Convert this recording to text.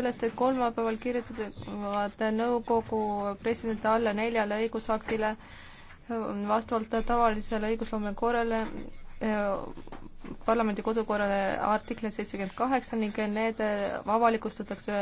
sellest, et kolmapäeval kirjutavad nõukogu president alla neljale õigusaktile vastavalt tavalisele õigusloome korrale eh, parlamendi kodukorrale artikli seitsekümmend kaheksa ning need avalikustatakse